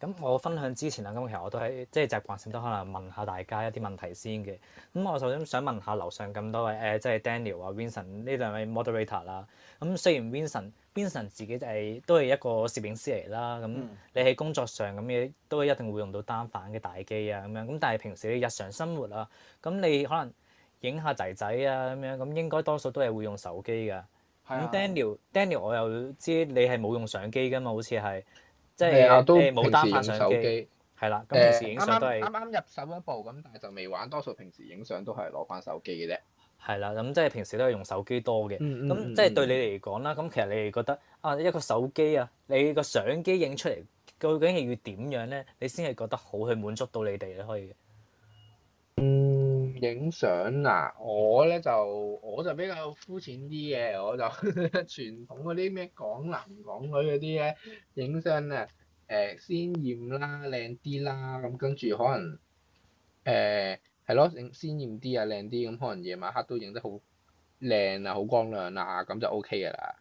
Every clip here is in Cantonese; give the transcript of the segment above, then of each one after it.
咁我分享之前啊，咁其實我都喺即係習慣性都可能問下大家一啲問題先嘅。咁我首先想問下樓上咁多位誒，即係 Daniel 啊、Vincent 呢兩位 moderator 啦。咁雖然 Vincent、Vincent 自己就係都係一個攝影師嚟啦。咁你喺工作上咁嘅都一定會用到單反嘅大機啊咁樣。咁但係平時你日常生活啊，咁你可能影下仔仔啊咁樣，咁應該多數都係會用手機㗎。咁 Daniel，Daniel 的我又知你係冇用相機㗎嘛，好似係。即係啊，都冇單反相機，係啦咁平時影相都係啱啱入手一部咁，但係就未玩，多數平時影相都係攞翻手機嘅啫。係啦，咁即係平時都係用手機多嘅。咁、嗯嗯、即係對你嚟講啦，咁、嗯、其實你哋覺得啊，一個手機啊，你個相機影出嚟，究竟係要點樣咧？你先係覺得好去滿足到你哋咧？可以。影相啊！我咧，就我就比較膚淺啲嘅，我就 傳統嗰啲咩港男港女嗰啲咧，影相啊，誒、呃、鮮豔啦、啊，靚啲啦，咁跟住可能誒係咯，影、呃、鮮豔啲啊，靚啲咁，可能夜晚黑都影得好靚啊，好光亮啊，咁就 OK 噶啦。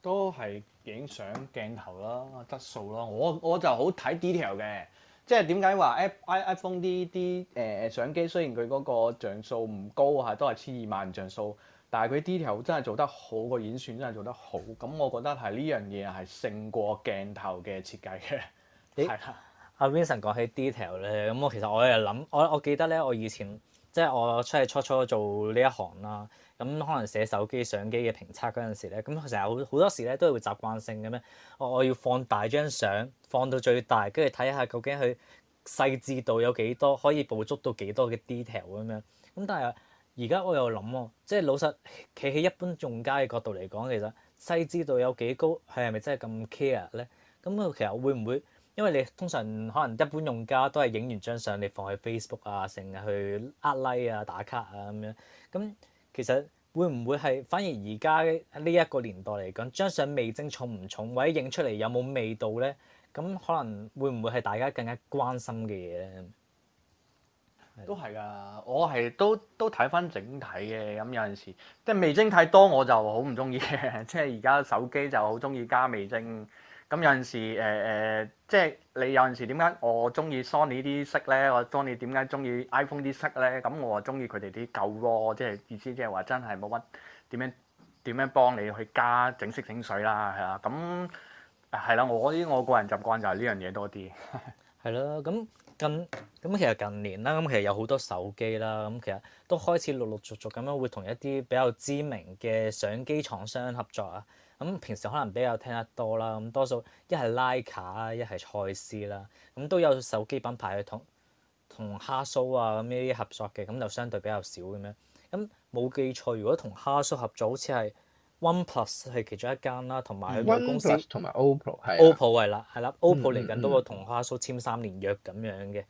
都係影相鏡頭啦，質素咯，我我就好睇 detail 嘅。即係點解話誒 iPhone 啲啲誒相機雖然佢嗰個像素唔高吓，都係千二萬像素，但係佢 detail 真係做得好，個演算真係做得好。咁我覺得係呢樣嘢係勝過鏡頭嘅設計嘅。係啦、欸，阿係、啊、Vincent 講起 detail 咧，咁我其實我又諗，我我記得咧，我以前。即係我出嚟初初做呢一行啦，咁可能寫手機相機嘅評測嗰陣時咧，咁成日好好多時咧都係會習慣性咁樣，我我要放大張相放到最大，跟住睇下究竟佢細緻度有幾多，可以捕捉到幾多嘅 detail 咁樣。咁但係而家我又諗喎，即係老實企喺一般用家嘅角度嚟講，其實細緻度有幾高，佢係咪真係咁 care 咧？咁佢其實會唔會？因為你通常可能一般用家都係影完張相，你放喺 Facebook 啊，成日去呃 like 啊、打卡啊咁樣。咁其實會唔會係反而而家呢一個年代嚟講，張相味精重唔重，或者影出嚟有冇味道呢？咁可能會唔會係大家更加關心嘅嘢呢？都係噶，我係都都睇返整體嘅。咁有陣時，即係味精太多，我就好唔中意嘅。即係而家手機就好中意加味精。咁有陣時，誒、呃、誒，即係你有陣時點解我中意 Sony 啲色咧？我 Sony 點解中意 iPhone 啲色咧？咁我啊中意佢哋啲舊咯，即係意思即係話真係冇乜點樣點樣幫你去加整色整水啦，係啦、啊，咁係啦，我啲我個人習慣就係呢樣嘢多啲。係 咯、啊，咁近咁其實近年啦，咁其實有好多手機啦，咁其實都開始陸陸續續咁樣會同一啲比較知名嘅相機廠商合作啊。咁平時可能比較聽得多啦，咁多數一係 Leica，一係賽斯啦，咁都有手機品牌去同同哈蘇啊咁呢啲合作嘅，咁就相對比較少咁樣。咁冇記錯，如果同哈蘇合作，好似係 OnePlus 係其中一間啦，同埋佢個公司同埋 OPPO 係 OPPO 係啦，係啦，OPPO 嚟緊都會同哈蘇簽三年約咁樣嘅。嗯嗯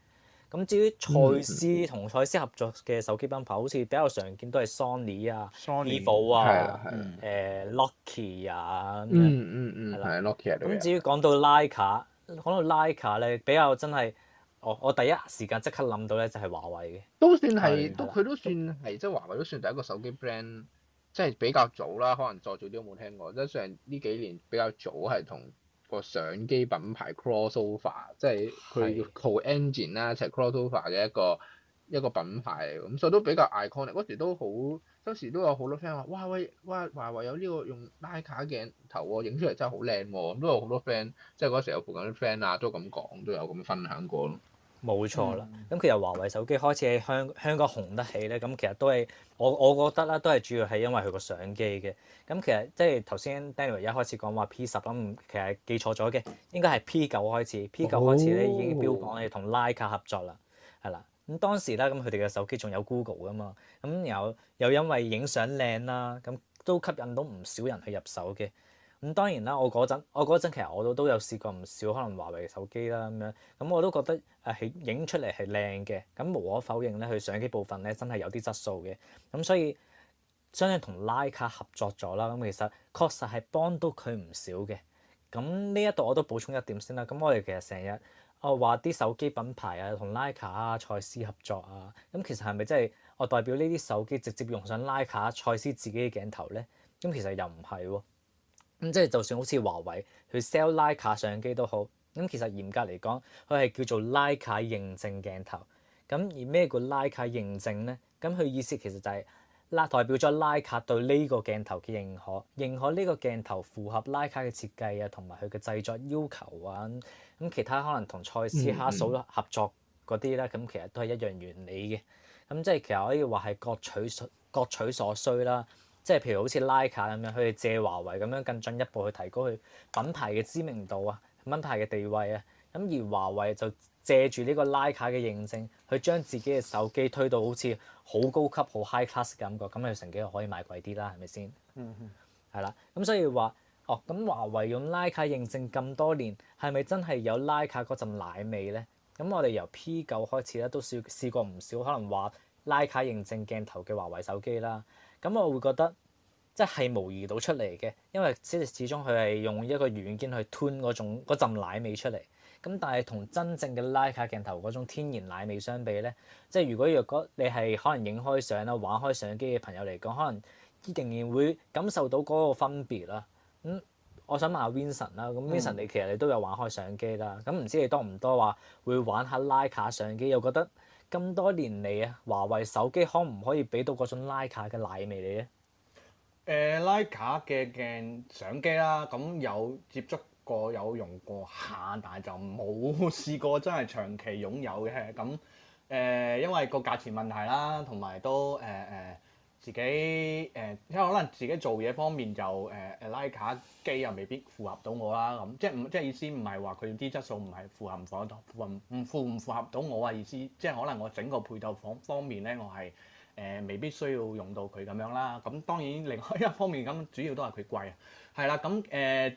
咁至於蔡司同蔡司合作嘅手機品牌，好似比較常見都係、e ok、Sony 啊、Sony e 啊、誒 Nokia 啊。嗯嗯嗯，係 Nokia 啊。咁至於講到 Leica 講到 Leica 咧，比較真係我我第一時間即刻諗到咧，就係華為嘅。都算係，都佢都算係，即係華為都算第一個手機 brand，即係比較早啦。可能再早啲都冇聽過，即係上呢幾年比較早係同。個相機品牌 Crossover，即係佢叫 CoEngine 啦，一齊 Crossover 嘅一個一個品牌嚟。咁所以都比較 iconic。嗰時都好，嗰時都有好多 friend 話，哇喂，哇華為有呢個用 Leica 鏡頭喎，啊，影出嚟真係好靚喎。咁都有好多 friend，即係嗰時有附近啲 friend 啊，都咁講，都有咁分享過咯。冇錯啦，咁其實華為手機開始喺香香港紅得起咧，咁其實都係我我覺得啦，都係主要係因為佢個相機嘅。咁其實即係頭先 Daniel 一開始講話 P 十咁，其實記錯咗嘅，應該係 P 九開始，P 九開始咧已經標榜係同 Leica 合作啦，係啦。咁當時咧，咁佢哋嘅手機仲有 Google 噶嘛，咁又又因為影相靚啦，咁都吸引到唔少人去入手嘅。咁當然啦，我嗰陣，我嗰陣其實我都都有試過唔少可能華為手機啦咁樣，咁我都覺得誒係影出嚟係靚嘅，咁無可否認咧，佢相機部分咧，真係有啲質素嘅，咁所以相信同 Leica 合作咗啦，咁其實確實係幫到佢唔少嘅。咁呢一度我都補充一點先啦，咁我哋其實成日我話啲手機品牌啊同 Leica 啊、蔡司合作啊，咁其實係咪真係我代表呢啲手機直接用上 Leica 蔡司自己嘅鏡頭咧？咁其實又唔係喎。咁即係就算好似華為去 sell 徠卡相機都好，咁其實嚴格嚟講，佢係叫做徠卡認證鏡頭。咁而咩叫徠卡認證咧？咁佢意思其實就係拉代表咗徠卡對呢個鏡頭嘅認可，認可呢個鏡頭符合徠卡嘅設計啊，同埋佢嘅製作要求啊。咁其他可能同蔡司、哈蘇合作嗰啲咧，咁、嗯嗯、其實都係一樣原理嘅。咁即係其實可以話係各取各取所需啦。即係譬如好似 Leica 咁樣，佢哋借華為咁樣更進一步去提高佢品牌嘅知名度啊、品牌嘅地位啊。咁而華為就借住呢個 Leica 嘅認證，去將自己嘅手機推到好似好高級、好 high class 嘅感覺。咁佢成機可以賣貴啲啦，係咪先？嗯、mm，係、hmm. 啦。咁所以話，哦，咁華為用 Leica 認證咁多年，係咪真係有 Leica 嗰陣奶味咧？咁我哋由 P 九開始咧，都試試過唔少可能話 Leica 認證鏡頭嘅華為手機啦。咁我會覺得即係模擬到出嚟嘅，因為始始終佢係用一個軟件去 tune 嗰種嗰陣奶味出嚟。咁但係同真正嘅 Leica 鏡頭嗰種天然奶味相比咧，即係如果若果你係可能影開相啦、玩開相機嘅朋友嚟講，可能仍然會感受到嗰個分別啦。咁、嗯、我想問下 Vincent 啦，咁 Vincent 你其實你都有玩開相機啦，咁唔知你多唔多話會玩下 Leica 相機又覺得？咁多年嚟啊，華為手機可唔可以俾到嗰種 Leica 嘅奶味嚟咧？誒 Leica 嘅鏡、相機啦，咁有接觸過、有用過下，但係就冇試過真係長期擁有嘅。咁誒、呃，因為個價錢問題啦，同埋都誒誒。呃呃自己誒，即、呃、係可能自己做嘢方面就誒誒徠卡機又未必符合到我啦，咁，即係唔即係意思唔係話佢啲質素唔係符合房符合唔符唔符，符合到我啊意思，即係可能我整個配套房方面咧，我係誒、呃、未必需要用到佢咁樣啦。咁當然另外一方面咁，主要都係佢貴啊，係啦。咁、呃、誒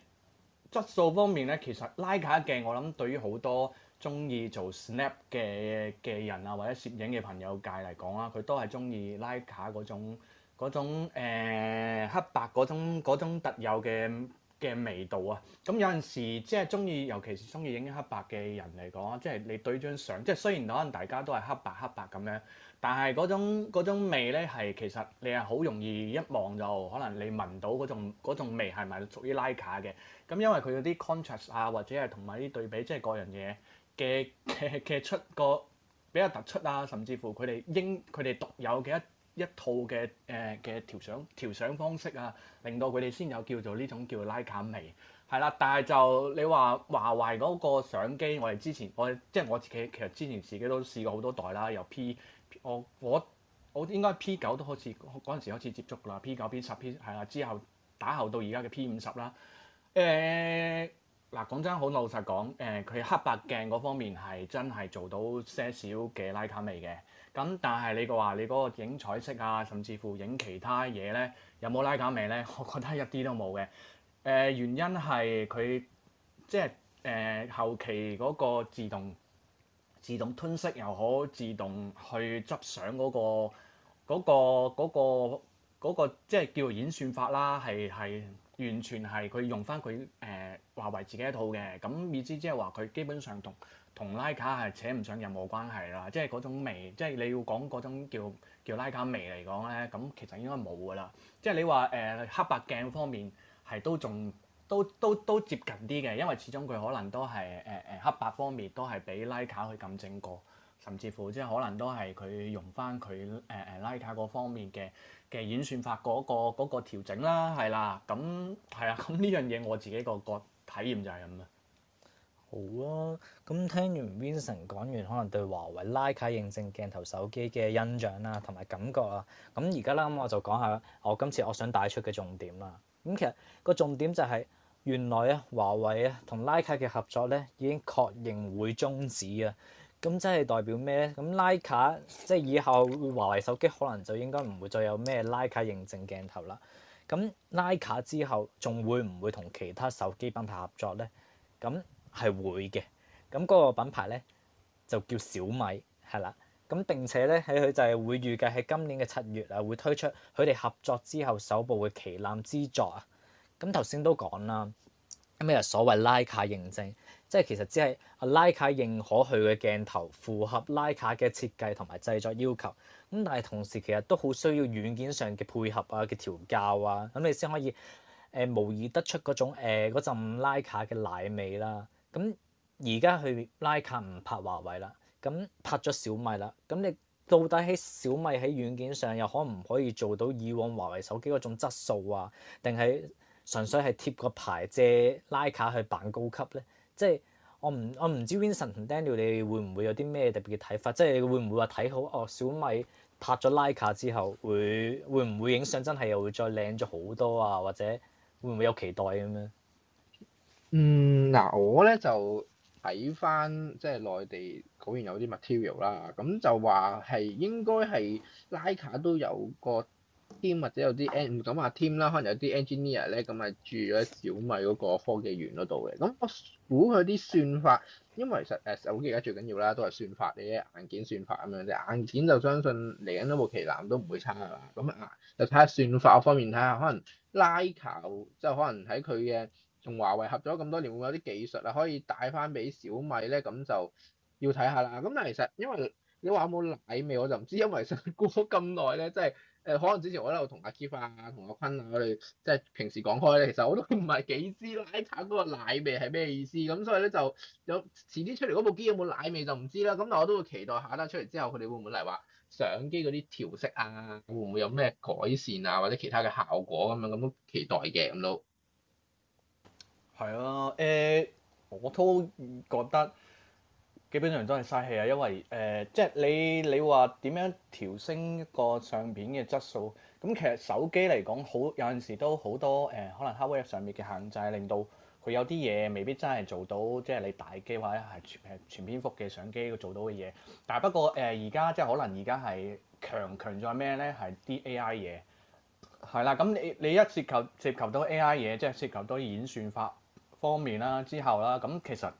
質素方面咧，其實徠卡 k 鏡我諗對於好多。中意做 snap 嘅嘅人啊，或者攝影嘅朋友界嚟講啦，佢都係中意 Leica 嗰種嗰種，呃、黑白嗰種嗰種特有嘅嘅味道啊！咁有陣時即係中意，尤其是中意影黑白嘅人嚟講，即係你對張相，即係雖然可能大家都係黑白黑白咁樣，但係嗰種嗰種味咧，係其實你係好容易一望，就可能你聞到嗰種嗰種味係咪屬於 Leica 嘅？咁因為佢有啲 contrast 啊，或者係同埋啲對比，即係各樣嘢。嘅嘅嘅出個比較突出啊，甚至乎佢哋應佢哋獨有嘅一一套嘅誒嘅調相調相方式啊，令到佢哋先有叫做呢種叫做徠卡味，係啦。但係就你話華為嗰個相機，我哋之前我即係我自己其實之前自己都試過好多代啦，由 P 我我我應該 P 九都開始嗰陣時開始接觸啦，P 九 P 十 P 十係啦，之後打後到而家嘅 P 五十啦，誒、呃。嗱，講真好，老實講，誒、呃，佢黑白鏡嗰方面係真係做到些少嘅拉卡味嘅。咁但係你個話，你嗰個影彩色啊，甚至乎影其他嘢咧，有冇拉卡味咧？我覺得一啲都冇嘅。誒、呃，原因係佢即係誒、呃、後期嗰個自動自動吞色，又好，自動去執相嗰、嗰個嗰、嗰個嗰、嗰個、嗰個嗰個、即係叫演算法啦。係係完全係佢用翻佢誒，呃係為自己一套嘅，咁意思即係話佢基本上同同 Leica 係扯唔上任何關係啦。即係嗰種味，即係你要講嗰種叫叫 Leica 味嚟講咧，咁其實應該冇㗎啦。即係你話誒、呃、黑白鏡方面係都仲都都都接近啲嘅，因為始終佢可能都係誒誒黑白方面都係畀 Leica 去校整過，甚至乎即係可能都係佢用翻佢誒誒 Leica 嗰方面嘅嘅演算法嗰個嗰個調整啦，係啦，咁係啊，咁呢樣嘢我自己個個。體驗就係咁啊！好啊，咁聽完 Vincent 講完可能對華為 Leica 認證鏡頭手機嘅印象啦，同埋感覺啊，咁而家啦，咁我就講下我今次我想帶出嘅重點啦。咁其實個重點就係原來啊，華為啊同 Leica 嘅合作咧已經確認會中止啊。咁即係代表咩咧？咁 Leica 即係以後華為手機可能就應該唔會再有咩 Leica 認證鏡頭啦。咁 Leica 之後仲會唔會同其他手機品牌合作咧？咁係會嘅。咁、那、嗰個品牌咧就叫小米，係啦。咁並且咧喺佢就係會預計喺今年嘅七月啊，會推出佢哋合作之後首部嘅旗艦之作啊。咁頭先都講啦，咁咩所謂 Leica 認證，即係其實只係 Leica 認可佢嘅鏡頭符合 Leica 嘅設計同埋製作要求。咁但係同時其實都好需要軟件上嘅配合啊，嘅調校啊，咁你先可以誒模擬得出嗰種誒嗰陣徠卡嘅奶味啦。咁而家去徠卡唔拍華為啦，咁拍咗小米啦。咁你到底喺小米喺軟件上又可唔可以做到以往華為手機嗰種質素啊？定係純粹係貼個牌借徠卡去扮高級咧？即係我唔我唔知 Vincent 同 Daniel，你會唔會有啲咩特別嘅睇法？即係會唔會話睇好哦小米？拍咗 Leica 之後，會會唔會影相真係又會再靚咗好多啊？或者會唔會有期待咁樣？嗯，嗱，我咧就睇翻即係內地果然有啲 material 啦，咁就話係應該係 Leica 都有個。或者有啲 e 咁啊 team 啦，可能有啲 engineer 咧咁啊住咗小米嗰個科技園嗰度嘅。咁我估佢啲算法，因為其實誒、呃、手機而家最緊要啦，都係算法嘅啫，硬件算法咁樣啫。硬件就相信嚟緊嗰部旗艦都唔會差啊嘛。咁啊，就睇下算法方面，睇下可能拉球，即係可能喺佢嘅同華為合咗咁多年，會有啲技術啊，可以帶翻俾小米咧，咁就要睇下啦。咁但係其實因為你話有冇奶味，我就唔知，因為過咗咁耐咧，即係。誒，可能之前我喺度同阿 Keep 啊、同阿坤啊，我哋即係平時講開咧，其實我都唔係幾知 Leica 嗰個奶味係咩意思，咁所以咧就有遲啲出嚟嗰部機有冇奶味就唔知啦。咁但我都會期待下啦，出嚟之後佢哋會唔會嚟話相機嗰啲調色啊，會唔會有咩改善啊，或者其他嘅效果咁樣，咁都期待嘅咁都。係啊，誒、呃、我都覺得。基本上都係嘥氣啊，因為誒、呃，即係你你話點樣調升一個相片嘅質素？咁其實手機嚟講，好有陣時都好多誒、呃，可能 Huawei 上面嘅限制，令到佢有啲嘢未必真係做到，即係你大機或者係誒全片幅嘅相機佢做到嘅嘢。但係不過誒，而、呃、家即係可能而家係強強在咩咧？係啲 AI 嘢係啦。咁你你一涉及，涉及到 AI 嘢，即係涉及到演算法方面啦，之後啦，咁其實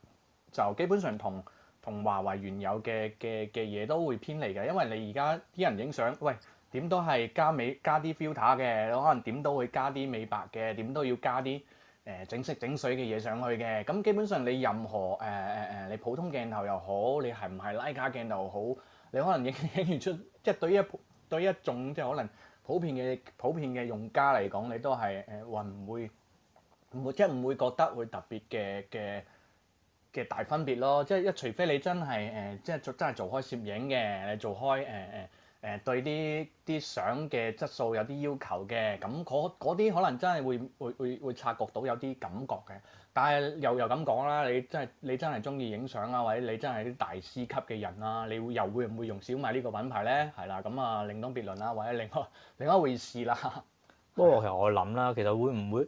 就基本上同。同華為原有嘅嘅嘅嘢都會偏離嘅，因為你而家啲人影相，喂點都係加美加啲 filter 嘅，可能點都會加啲美白嘅，點都要加啲誒、呃、整色整水嘅嘢上去嘅。咁基本上你任何誒誒誒，你、呃呃呃、普通鏡頭又好，你係唔係 Leica 鏡頭好，你可能影影完出，即係對於一對於一種即係可能普遍嘅普遍嘅用家嚟講，你都係誒、呃呃、話唔會唔會即係唔會覺得會特別嘅嘅嘅大分別咯，即係一除非你真係誒，即、呃、係做真係做開攝影嘅，你做開誒誒誒，對啲啲相嘅質素有啲要求嘅，咁嗰啲可能真係會會會會會察覺到有啲感覺嘅。但係又又咁講啦，你真係你真係中意影相啊，或者你真係啲大師級嘅人啊，你會又會唔會用小米呢個品牌咧？係啦，咁啊另當別論啦，或者另外另一回事啦。不過其實我諗啦，其實會唔會？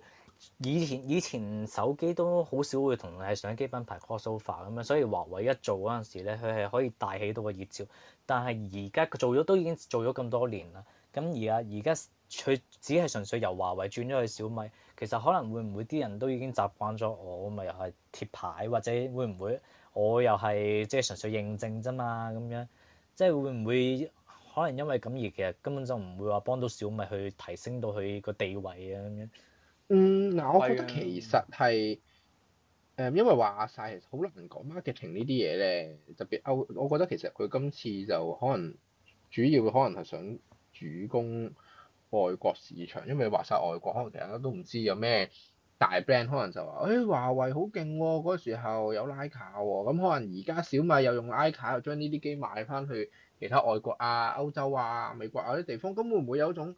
以前以前手機都好少會同係相機品牌 cross over 咁樣，所以華為一做嗰陣時咧，佢係可以帶起到個熱潮。但係而家佢做咗都已經做咗咁多年啦。咁而家而家佢只係純粹由華為轉咗去小米，其實可能會唔會啲人都已經習慣咗我咪又係貼牌，或者會唔會我又係即係純粹認證啫嘛？咁樣即係會唔會可能因為咁而其實根本就唔會話幫到小米去提升到佢個地位啊咁樣？嗯，嗱，我覺得其實係，誒的、嗯，因為話晒其實好難講 marketing 呢啲嘢咧，特別歐，我覺得其實佢今次就可能主要可能係想主攻外國市場，因為話晒外國可能大家都唔知有咩大 brand，可能就話，誒、哎，華為好勁喎，嗰時候有拉卡喎、哦，咁可能而家小米又用拉卡，又將呢啲機賣翻去其他外國啊、歐洲啊、美國啊啲地方，咁會唔會有一種？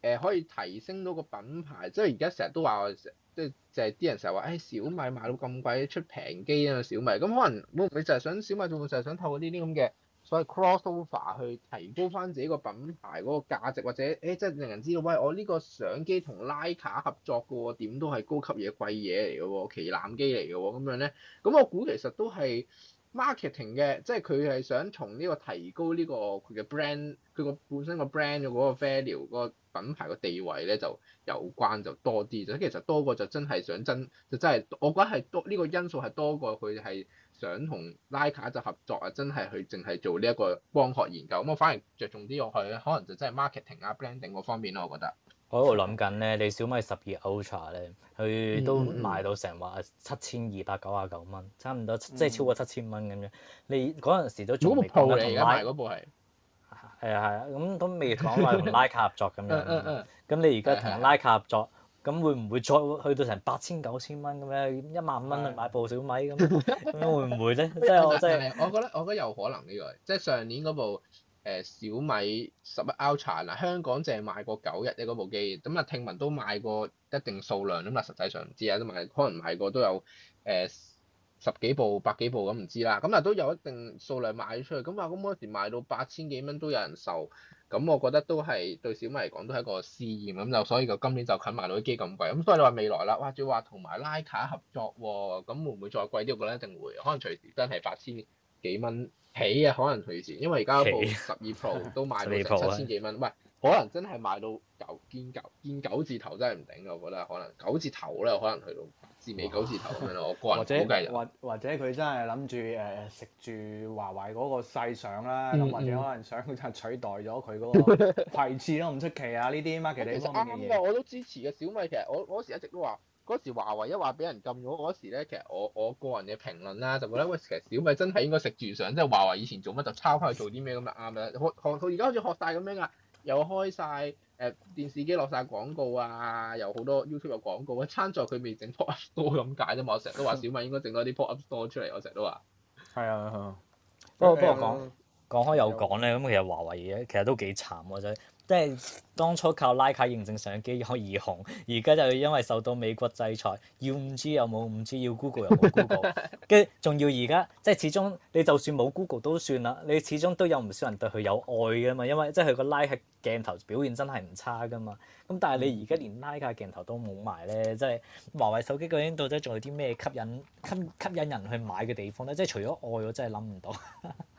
誒、呃、可以提升到個品牌，即係而家成日都話，即係淨係啲人成日話，誒、哎、小米賣到咁貴，出平機啊小米，咁可能你，咁佢就係想小米仲會就係想透過呢啲咁嘅所謂 crossover 去提高翻自己個品牌嗰個價值，或者誒、哎、即係令人知道，喂，我呢個相機同徠卡合作嘅喎，點都係高級嘢貴嘢嚟嘅喎，旗艦機嚟嘅喎，咁樣咧，咁我估其實都係。marketing 嘅，即係佢係想從呢個提高呢個佢嘅 brand，佢個本身個 brand 嘅嗰個 value，個品牌個地位咧就有關就多啲，就其實多過就真係想真，就真係我覺得係多呢個因素係多過佢係想同 Leica 就合作啊，真係去淨係做呢一個光學研究，咁我反而着重啲落去，可能就真係 marketing 啊 branding 嗰方面咯、啊，我覺得。我喺度諗緊咧，你小米十二 Ultra 咧，佢都賣到成話七千二百九十九蚊，差唔多即係超過七千蚊咁樣。你嗰陣時都仲未同拉嗰部係，係啊係啊，咁咁未講埋同 Leica 合作咁樣。咁 你而家同 Leica 合作，咁會唔會再去到成八千九千蚊咁樣，一萬蚊去買部小米咁？咁 會唔會咧？ 即係我即係，我覺得我覺得有可能呢個，即係上年嗰部。誒小米十一 Ultra 香港淨係賣過九日嘅嗰部機，咁啊聽聞都賣過一定數量，咁啊實際上唔知啊，都賣可能賣過都有誒、呃、十幾部、百幾部咁唔知啦，咁啊都有一定數量賣出去。咁啊咁嗰時賣到八千幾蚊都有人受，咁我覺得都係對小米嚟講都係一個試驗，咁就所以就今年就近埋到啲機咁貴，咁所以你話未來啦，哇仲話同埋徠卡合作喎，咁會唔會再貴啲？我覺得一定會，可能隨時真係八千幾蚊起啊？可能佢以前，因為而家部十二 Pro 都賣到成七千幾蚊，喂，可能真係賣到九堅九堅、九字頭真係唔頂啊！我覺得可能九字頭啦，可能去到至尾九字頭咁樣咯。哇我個人估計。或者，或者佢真係諗住誒食住華為嗰個細相啦，咁、嗯嗯、或者可能想取代咗佢嗰個位置都唔出奇啊！呢啲 market 啲其實啱我都支持嘅小米，其實我我時一直都話。嗰時華為一話俾人禁咗嗰時咧，其實我我個人嘅評論啦，就覺得喂其實小米真係應該食住上，即係華為以前做乜就抄翻去做啲咩咁就啱啦。學學佢而家好似學晒咁樣噶，又開晒誒、呃、電視機落晒廣告啊，又好多 YouTube 有廣告啊，插座佢未整 pop up store 咁解啫嘛。我成日都話小米應該整多啲 pop up store 出嚟。我成日都話。係啊，啊不過 okay，不過講講開又講咧，咁、um，其實華為嘅其實都幾慘喎、啊、真。即係當初靠拉卡認證相機可以紅，而家就因為受到美國制裁，要 5G 又冇 5G，要 Google 又冇 Google，跟住仲 要而家，即係始終你就算冇 Google 都算啦，你始終都有唔少人對佢有愛㗎嘛，因為即係佢個拉卡鏡頭表現真係唔差㗎嘛。咁但係你而家連拉卡鏡頭都冇埋咧，即係華為手機究竟到底仲有啲咩吸引吸吸引人去買嘅地方咧？即係除咗愛，我真係諗唔到。